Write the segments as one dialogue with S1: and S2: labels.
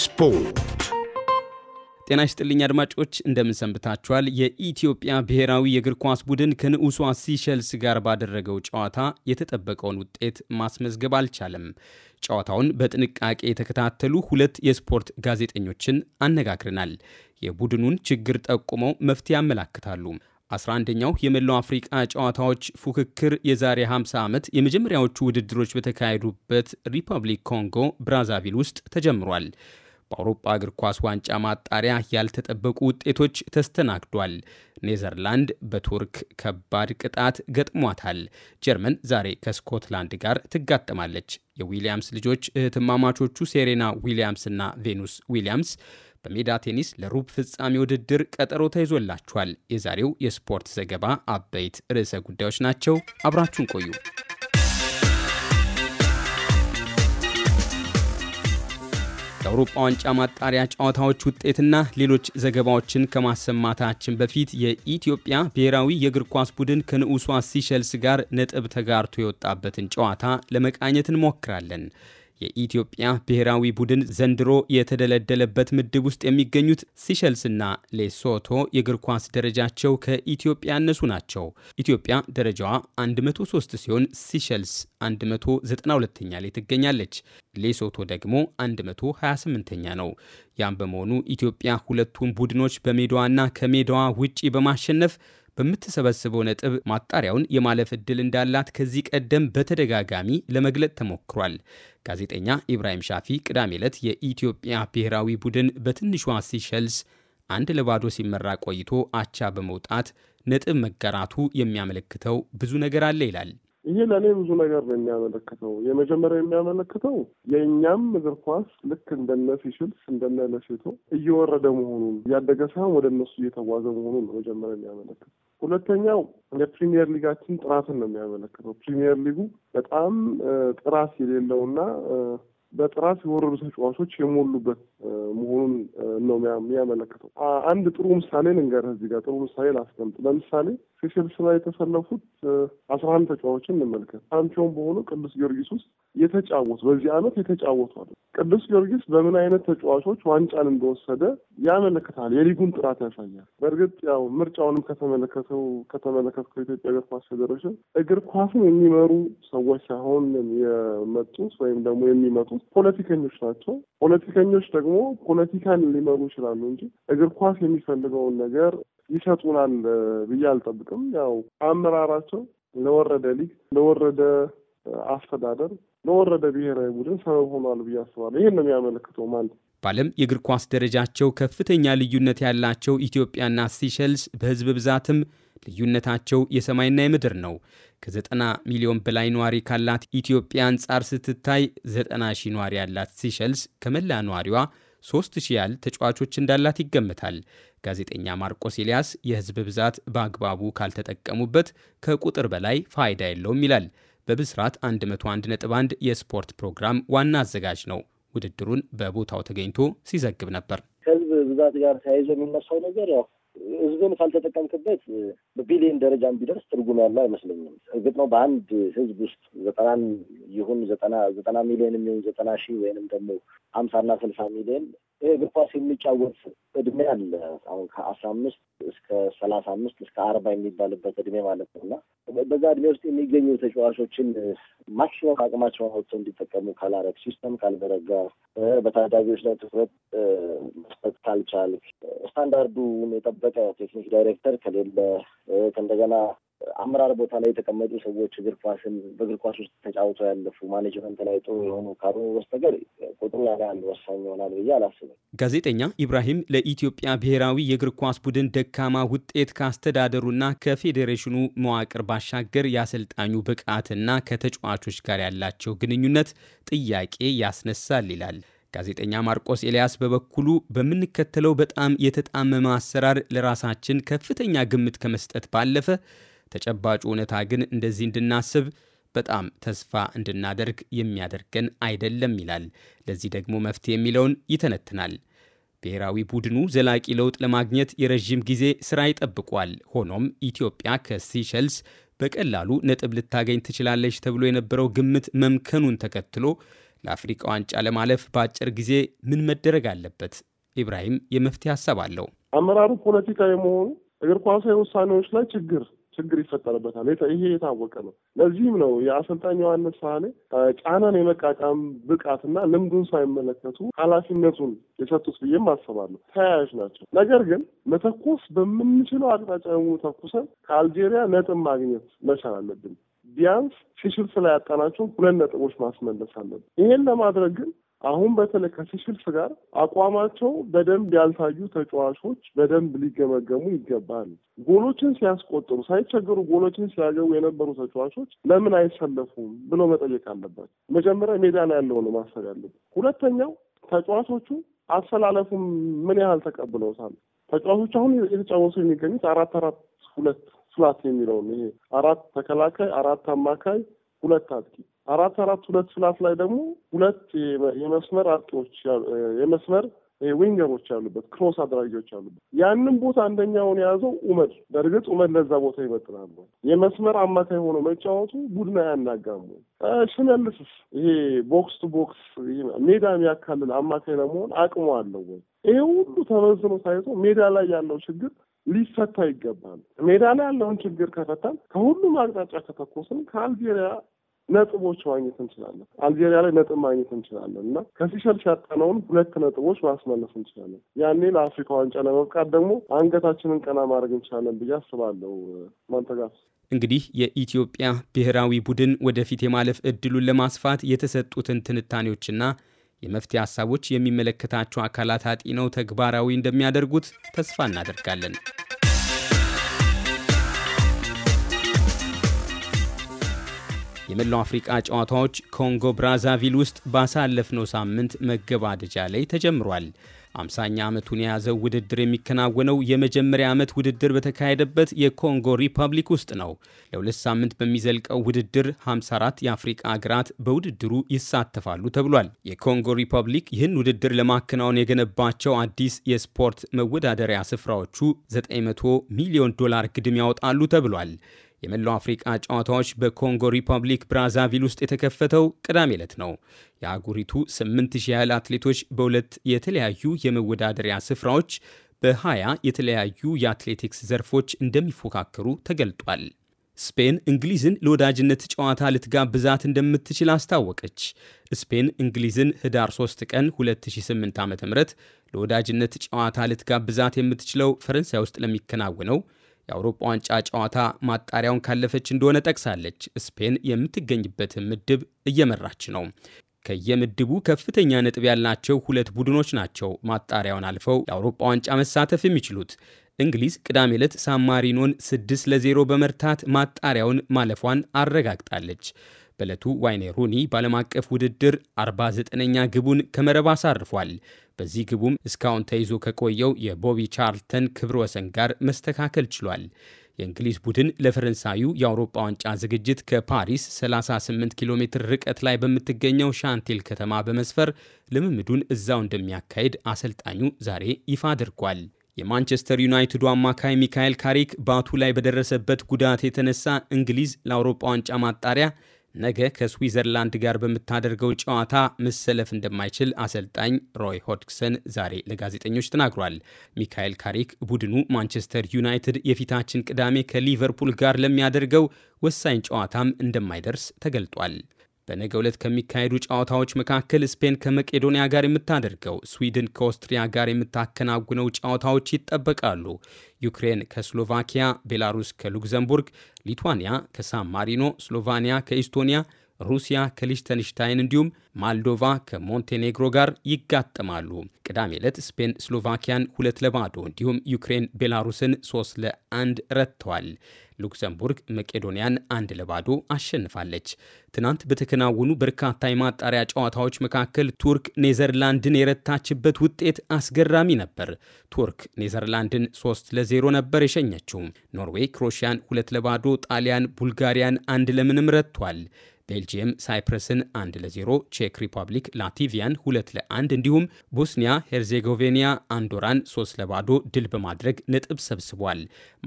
S1: ስፖርት
S2: ጤና ይስጥልኝ አድማጮች፣ እንደምንሰንብታችኋል። የኢትዮጵያ ብሔራዊ የእግር ኳስ ቡድን ከንዑሷ ሲሸልስ ጋር ባደረገው ጨዋታ የተጠበቀውን ውጤት ማስመዝገብ አልቻለም። ጨዋታውን በጥንቃቄ የተከታተሉ ሁለት የስፖርት ጋዜጠኞችን አነጋግረናል። የቡድኑን ችግር ጠቁመው መፍትሄ ያመላክታሉ። 11ኛው የመላው አፍሪቃ ጨዋታዎች ፉክክር የዛሬ 50 ዓመት የመጀመሪያዎቹ ውድድሮች በተካሄዱበት ሪፐብሊክ ኮንጎ ብራዛቪል ውስጥ ተጀምሯል። በአውሮፓ እግር ኳስ ዋንጫ ማጣሪያ ያልተጠበቁ ውጤቶች ተስተናግዷል። ኔዘርላንድ በቱርክ ከባድ ቅጣት ገጥሟታል። ጀርመን ዛሬ ከስኮትላንድ ጋር ትጋጠማለች። የዊሊያምስ ልጆች እህትማማቾቹ ሴሬና ዊሊያምስ እና ቬኑስ ዊሊያምስ በሜዳ ቴኒስ ለሩብ ፍጻሜ ውድድር ቀጠሮ ተይዞላቸዋል። የዛሬው የስፖርት ዘገባ አበይት ርዕሰ ጉዳዮች ናቸው። አብራችሁን ቆዩ። የአውሮፓ ዋንጫ ማጣሪያ ጨዋታዎች ውጤትና ሌሎች ዘገባዎችን ከማሰማታችን በፊት የኢትዮጵያ ብሔራዊ የእግር ኳስ ቡድን ከንዑሷ ሲሸልስ ጋር ነጥብ ተጋርቶ የወጣበትን ጨዋታ ለመቃኘት እንሞክራለን። የኢትዮጵያ ብሔራዊ ቡድን ዘንድሮ የተደለደለበት ምድብ ውስጥ የሚገኙት ሲሸልስና ሌሶቶ የእግር ኳስ ደረጃቸው ከኢትዮጵያ ያነሱ ናቸው። ኢትዮጵያ ደረጃዋ 103 ሲሆን ሲሸልስ 192ኛ ላይ ትገኛለች። ሌሶቶ ደግሞ 128ኛ ነው። ያም በመሆኑ ኢትዮጵያ ሁለቱን ቡድኖች በሜዳዋና ከሜዳዋ ውጪ በማሸነፍ በምትሰበስበው ነጥብ ማጣሪያውን የማለፍ ዕድል እንዳላት ከዚህ ቀደም በተደጋጋሚ ለመግለጥ ተሞክሯል። ጋዜጠኛ ኢብራሂም ሻፊ ቅዳሜ ዕለት የኢትዮጵያ ብሔራዊ ቡድን በትንሿ ሲሸልስ አንድ ለባዶ ሲመራ ቆይቶ አቻ በመውጣት ነጥብ መጋራቱ የሚያመለክተው ብዙ ነገር አለ ይላል።
S1: ይሄ ለእኔ ብዙ ነገር ነው የሚያመለክተው። የመጀመሪያ የሚያመለክተው የእኛም እግር ኳስ ልክ እንደነ ሲችልስ እንደነ ለሴቶ እየወረደ መሆኑን እያደገ ሳይሆን ወደ እነሱ እየተጓዘ መሆኑን ነው መጀመሪያ የሚያመለክተው። ሁለተኛው የፕሪሚየር ሊጋችን ጥራትን ነው የሚያመለክተው። ፕሪሚየር ሊጉ በጣም ጥራት የሌለውና በጥራት የወረዱ ተጫዋቾች የሞሉበት መሆኑን ነው የሚያመለክተው። አንድ ጥሩ ምሳሌ ልንገርህ፣ እዚህ ጋር ጥሩ ምሳሌ ላስቀምጥ። ለምሳሌ ሴሸልስ ላይ የተሰለፉት አስራ አንድ ተጫዋቾችን እንመልከት። ሻምፒዮን በሆኑ ቅዱስ ጊዮርጊስ ውስጥ የተጫወቱ በዚህ አመት የተጫወቱ አሉ። ቅዱስ ጊዮርጊስ በምን አይነት ተጫዋቾች ዋንጫን እንደወሰደ ያመለክታል። የሊጉን ጥራት ያሳያል። በእርግጥ ያው ምርጫውንም ከተመለከተው ከተመለከትከው የኢትዮጵያ እግር ኳስ ፌዴሬሽን እግር ኳስን የሚመሩ ሰዎች ሳይሆን የመጡት ወይም ደግሞ የሚመጡት ውስጥ ፖለቲከኞች ናቸው። ፖለቲከኞች ደግሞ ፖለቲካን ሊመሩ ይችላሉ እንጂ እግር ኳስ የሚፈልገውን ነገር ይሰጡናል ብዬ አልጠብቅም። ያው አመራራቸው ለወረደ ሊግ፣ ለወረደ አስተዳደር፣ ለወረደ ብሔራዊ ቡድን ሰበብ ሆኗል ብዬ አስባለሁ። ይህን ነው የሚያመለክተው ማለት
S2: በዓለም የእግር ኳስ ደረጃቸው ከፍተኛ ልዩነት ያላቸው ኢትዮጵያና ሲሸልስ በህዝብ ብዛትም ልዩነታቸው የሰማይና የምድር ነው። ከ90 ሚሊዮን በላይ ነዋሪ ካላት ኢትዮጵያ አንጻር ስትታይ 90 ሺህ ነዋሪ ያላት ሲሸልስ ከመላ ነዋሪዋ 3000 ያህል ተጫዋቾች እንዳላት ይገምታል። ጋዜጠኛ ማርቆስ ኤልያስ የህዝብ ብዛት በአግባቡ ካልተጠቀሙበት ከቁጥር በላይ ፋይዳ የለውም ይላል። በብስራት 111 የስፖርት ፕሮግራም ዋና አዘጋጅ ነው። ውድድሩን በቦታው ተገኝቶ ሲዘግብ ነበር።
S1: ከህዝብ ብዛት ጋር ተያይዞ የሚነሳው ነገር ያው ህዝብን ካልተጠቀምክበት በቢሊዮን ደረጃ ቢደርስ ትርጉም ያለው አይመስለኝም። እርግጥ ነው በአንድ ህዝብ ውስጥ ዘጠናን ይሁን ዘጠና ዘጠና ሚሊዮን የሚሆን ዘጠና ሺህ ወይንም ደግሞ ሀምሳና ስልሳ ሚሊዮን እግር ኳስ የሚጫወት እድሜ አለ። አሁን ከአስራ አምስት እስከ ሰላሳ አምስት እስከ አርባ የሚባልበት እድሜ ማለት ነው እና በዛ እድሜ ውስጥ የሚገኙ ተጫዋቾችን ማክሲመም አቅማቸውን አውጥተው እንዲጠቀሙ ካላረግ፣ ሲስተም ካልዘረጋ፣ በታዳጊዎች ላይ ትኩረት መስጠት ካልቻል፣ ስታንዳርዱን የጠበቀ ቴክኒክ ዳይሬክተር ከሌለ፣ ከእንደገና አመራር ቦታ ላይ የተቀመጡ ሰዎች እግር ኳስን በእግር ኳስ ውስጥ ተጫውተው ያለፉ ማኔጅመንት ላይ ጥሩ የሆኑ ካልሆኑ በስተቀር ቁጥሩ ላይ አንድ ወሳኝ ይሆናል ብዬ አላስብም።
S2: ጋዜጠኛ ኢብራሂም ለኢትዮጵያ ብሔራዊ የእግር ኳስ ቡድን ደካማ ውጤት ካስተዳደሩና ከፌዴሬሽኑ መዋቅር ባሻገር የአሰልጣኙ ብቃትና ከተጫዋቾች ጋር ያላቸው ግንኙነት ጥያቄ ያስነሳል ይላል። ጋዜጠኛ ማርቆስ ኤልያስ በበኩሉ በምንከተለው በጣም የተጣመመ አሰራር ለራሳችን ከፍተኛ ግምት ከመስጠት ባለፈ ተጨባጩ እውነታ ግን እንደዚህ እንድናስብ በጣም ተስፋ እንድናደርግ የሚያደርገን አይደለም ይላል። ለዚህ ደግሞ መፍትሄ የሚለውን ይተነትናል። ብሔራዊ ቡድኑ ዘላቂ ለውጥ ለማግኘት የረዥም ጊዜ ስራ ይጠብቋል። ሆኖም ኢትዮጵያ ከሲሸልስ በቀላሉ ነጥብ ልታገኝ ትችላለች ተብሎ የነበረው ግምት መምከኑን ተከትሎ ለአፍሪቃ ዋንጫ ለማለፍ በአጭር ጊዜ ምን መደረግ አለበት? ኢብራሂም የመፍትሄ ሀሳብ አለው።
S1: አመራሩ ፖለቲካዊ መሆኑ እግር ኳሳዊ ውሳኔዎች ላይ ችግር ችግር ይፈጠርበታል። ይሄ የታወቀ ነው። ለዚህም ነው የአሰልጣኝ ዮሐንስ ሳህሌ ጫናን የመቃቃም ብቃትና ልምዱን ሳይመለከቱ ኃላፊነቱን የሰጡት ብዬም አስባለሁ። ተያያዥ ናቸው። ነገር ግን መተኮስ በምንችለው አቅጣጫ ተኩሰን ከአልጄሪያ ነጥብ ማግኘት መቻል አለብን። ቢያንስ ሲሽል ስላያጣናቸውን ሁለት ነጥቦች ማስመለስ አለብን። ይሄን ለማድረግ ግን አሁን በተለይ ከሲሽልስ ጋር አቋማቸው በደንብ ያልታዩ ተጫዋቾች በደንብ ሊገመገሙ ይገባል። ጎሎችን ሲያስቆጥሩ ሳይቸገሩ ጎሎችን ሲያገቡ የነበሩ ተጫዋቾች ለምን አይሰለፉም ብሎ መጠየቅ አለበት። መጀመሪያ ሜዳ ላይ ያለውን ማሰብ ያለበት። ሁለተኛው ተጫዋቾቹ አሰላለፉም ምን ያህል ተቀብለውታል። ተጫዋቾች አሁን የተጫወቱ የሚገኙት አራት አራት ሁለት ስላት የሚለውን ይሄ አራት ተከላካይ አራት አማካይ ሁለት አጥቂ አራት አራት ሁለት ፍላት ላይ ደግሞ ሁለት የመስመር አጥቂዎች የመስመር ዊንገሮች ያሉበት ክሮስ አድራጊዎች አሉበት። ያንን ቦታ አንደኛውን የያዘው ኡመድ። በእርግጥ ኡመድ ለዛ ቦታ ይመጥናሉ። የመስመር አማካይ ሆኖ መጫወቱ ቡድን አያናጋሙ። ሽመልስስ ይሄ ቦክስ ቱ ቦክስ ሜዳ የሚያካልል አማካይ ለመሆን አቅሙ አለው ወይ? ይሄ ሁሉ ተመዝኖ ታይቶ ሜዳ ላይ ያለው ችግር ሊፈታ ይገባል። ሜዳ ላይ ያለውን ችግር ከፈታን ከሁሉም አቅጣጫ ከተኮስን ከአልጄሪያ ነጥቦች ማግኘት እንችላለን። አልጄሪያ ላይ ነጥብ ማግኘት እንችላለን እና ከሲሸልስ ያጣነውን ሁለት ነጥቦች ማስመለስ እንችላለን። ያኔ ለአፍሪካ ዋንጫ ለመብቃት ደግሞ አንገታችንን ቀና ማድረግ እንችላለን ብዬ አስባለሁ። ማንተጋፍ
S2: እንግዲህ የኢትዮጵያ ብሔራዊ ቡድን ወደፊት የማለፍ እድሉን ለማስፋት የተሰጡትን ትንታኔዎችና የመፍትሄ ሀሳቦች የሚመለከታቸው አካላት አጢነው ተግባራዊ እንደሚያደርጉት ተስፋ እናደርጋለን። የመላው አፍሪቃ ጨዋታዎች ኮንጎ ብራዛቪል ውስጥ ባሳለፍነው ሳምንት መገባደጃ ላይ ተጀምሯል። አምሳኛ ዓመቱን የያዘው ውድድር የሚከናወነው የመጀመሪያ ዓመት ውድድር በተካሄደበት የኮንጎ ሪፐብሊክ ውስጥ ነው። ለሁለት ሳምንት በሚዘልቀው ውድድር 54 የአፍሪቃ አገራት በውድድሩ ይሳተፋሉ ተብሏል። የኮንጎ ሪፐብሊክ ይህን ውድድር ለማከናወን የገነባቸው አዲስ የስፖርት መወዳደሪያ ስፍራዎቹ 900 ሚሊዮን ዶላር ግድም ያወጣሉ ተብሏል። የመላው አፍሪቃ ጨዋታዎች በኮንጎ ሪፐብሊክ ብራዛቪል ውስጥ የተከፈተው ቅዳሜ ዕለት ነው። የአህጉሪቱ 8000 ያህል አትሌቶች በሁለት የተለያዩ የመወዳደሪያ ስፍራዎች በሀያ የተለያዩ የአትሌቲክስ ዘርፎች እንደሚፎካከሩ ተገልጧል። ስፔን እንግሊዝን ለወዳጅነት ጨዋታ ልትጋብዛት እንደምትችል አስታወቀች። ስፔን እንግሊዝን ህዳር 3 ቀን 2008 ዓ.ም ለወዳጅነት ጨዋታ ልትጋብዛት የምትችለው ፈረንሳይ ውስጥ ለሚከናወነው የአውሮፓ ዋንጫ ጨዋታ ማጣሪያውን ካለፈች እንደሆነ ጠቅሳለች። ስፔን የምትገኝበትን ምድብ እየመራች ነው። ከየምድቡ ከፍተኛ ነጥብ ያላቸው ሁለት ቡድኖች ናቸው ማጣሪያውን አልፈው ለአውሮፓ ዋንጫ መሳተፍ የሚችሉት። እንግሊዝ ቅዳሜ ዕለት ሳን ማሪኖን 6 ለ0 በመርታት ማጣሪያውን ማለፏን አረጋግጣለች። በዕለቱ ዋይኔ ሩኒ በዓለም አቀፍ ውድድር 49ኛ ግቡን ከመረብ አሳርፏል። በዚህ ግቡም እስካሁን ተይዞ ከቆየው የቦቢ ቻርልተን ክብረ ወሰን ጋር መስተካከል ችሏል። የእንግሊዝ ቡድን ለፈረንሳዩ የአውሮፓ ዋንጫ ዝግጅት ከፓሪስ 38 ኪሎ ሜትር ርቀት ላይ በምትገኘው ሻንቴል ከተማ በመስፈር ልምምዱን እዛው እንደሚያካሄድ አሰልጣኙ ዛሬ ይፋ አድርጓል። የማንቸስተር ዩናይትዱ አማካይ ሚካኤል ካሪክ ባቱ ላይ በደረሰበት ጉዳት የተነሳ እንግሊዝ ለአውሮፓ ዋንጫ ማጣሪያ ነገ ከስዊዘርላንድ ጋር በምታደርገው ጨዋታ መሰለፍ እንደማይችል አሰልጣኝ ሮይ ሆድክሰን ዛሬ ለጋዜጠኞች ተናግሯል። ሚካኤል ካሪክ ቡድኑ ማንቸስተር ዩናይትድ የፊታችን ቅዳሜ ከሊቨርፑል ጋር ለሚያደርገው ወሳኝ ጨዋታም እንደማይደርስ ተገልጧል። በነገ ዕለት ከሚካሄዱ ጨዋታዎች መካከል ስፔን ከመቄዶንያ ጋር የምታደርገው፣ ስዊድን ከኦስትሪያ ጋር የምታከናውነው ጨዋታዎች ይጠበቃሉ። ዩክሬን ከስሎቫኪያ፣ ቤላሩስ ከሉክዘምቡርግ፣ ሊትዋንያ ከሳን ማሪኖ፣ ስሎቫኒያ ከኢስቶኒያ ሩሲያ ከሊሽተንሽታይን እንዲሁም ማልዶቫ ከሞንቴኔግሮ ጋር ይጋጠማሉ። ቅዳሜ ዕለት ስፔን ስሎቫኪያን ሁለት ለባዶ እንዲሁም ዩክሬን ቤላሩስን ሶስት ለአንድ ረትተዋል። ሉክሰምቡርግ መቄዶንያን አንድ ለባዶ አሸንፋለች። ትናንት በተከናወኑ በርካታ የማጣሪያ ጨዋታዎች መካከል ቱርክ ኔዘርላንድን የረታችበት ውጤት አስገራሚ ነበር። ቱርክ ኔዘርላንድን ሶስት ለዜሮ ነበር የሸኘችው። ኖርዌይ ክሮሽያን ሁለት ለባዶ፣ ጣሊያን ቡልጋሪያን አንድ ለምንም ረትቷል። ቤልጅየም ሳይፕረስን አንድ ለዜሮ ቼክ ሪፐብሊክ ላቲቪያን ሁለት ለአንድ እንዲሁም ቦስኒያ ሄርዜጎቬኒያ አንዶራን ሶስት ለባዶ ድል በማድረግ ነጥብ ሰብስቧል።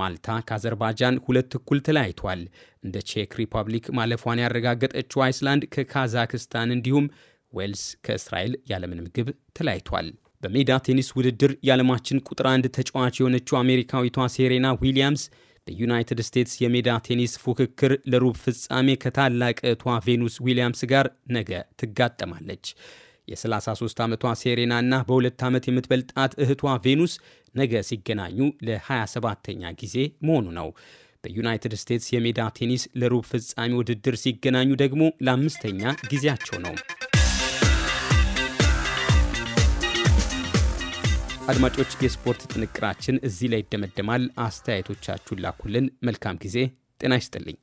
S2: ማልታ ከአዘርባጃን ሁለት እኩል ተለያይቷል። እንደ ቼክ ሪፐብሊክ ማለፏን ያረጋገጠችው አይስላንድ ከካዛክስታን እንዲሁም ዌልስ ከእስራኤል ያለምንም ግብ ተለያይቷል። በሜዳ ቴኒስ ውድድር የዓለማችን ቁጥር አንድ ተጫዋች የሆነችው አሜሪካዊቷ ሴሬና ዊሊያምስ በዩናይትድ ስቴትስ የሜዳ ቴኒስ ፉክክር ለሩብ ፍጻሜ ከታላቅ እህቷ ቬኑስ ዊሊያምስ ጋር ነገ ትጋጠማለች። የ33 ዓመቷ ሴሬና እና በሁለት ዓመት የምትበልጣት እህቷ ቬኑስ ነገ ሲገናኙ ለ27ተኛ ጊዜ መሆኑ ነው። በዩናይትድ ስቴትስ የሜዳ ቴኒስ ለሩብ ፍጻሜ ውድድር ሲገናኙ ደግሞ ለአምስተኛ ጊዜያቸው ነው። አድማጮች፣ የስፖርት ጥንቅራችን እዚህ ላይ ይደመደማል። አስተያየቶቻችሁን ላኩልን። መልካም ጊዜ። ጤና ይስጥልኝ።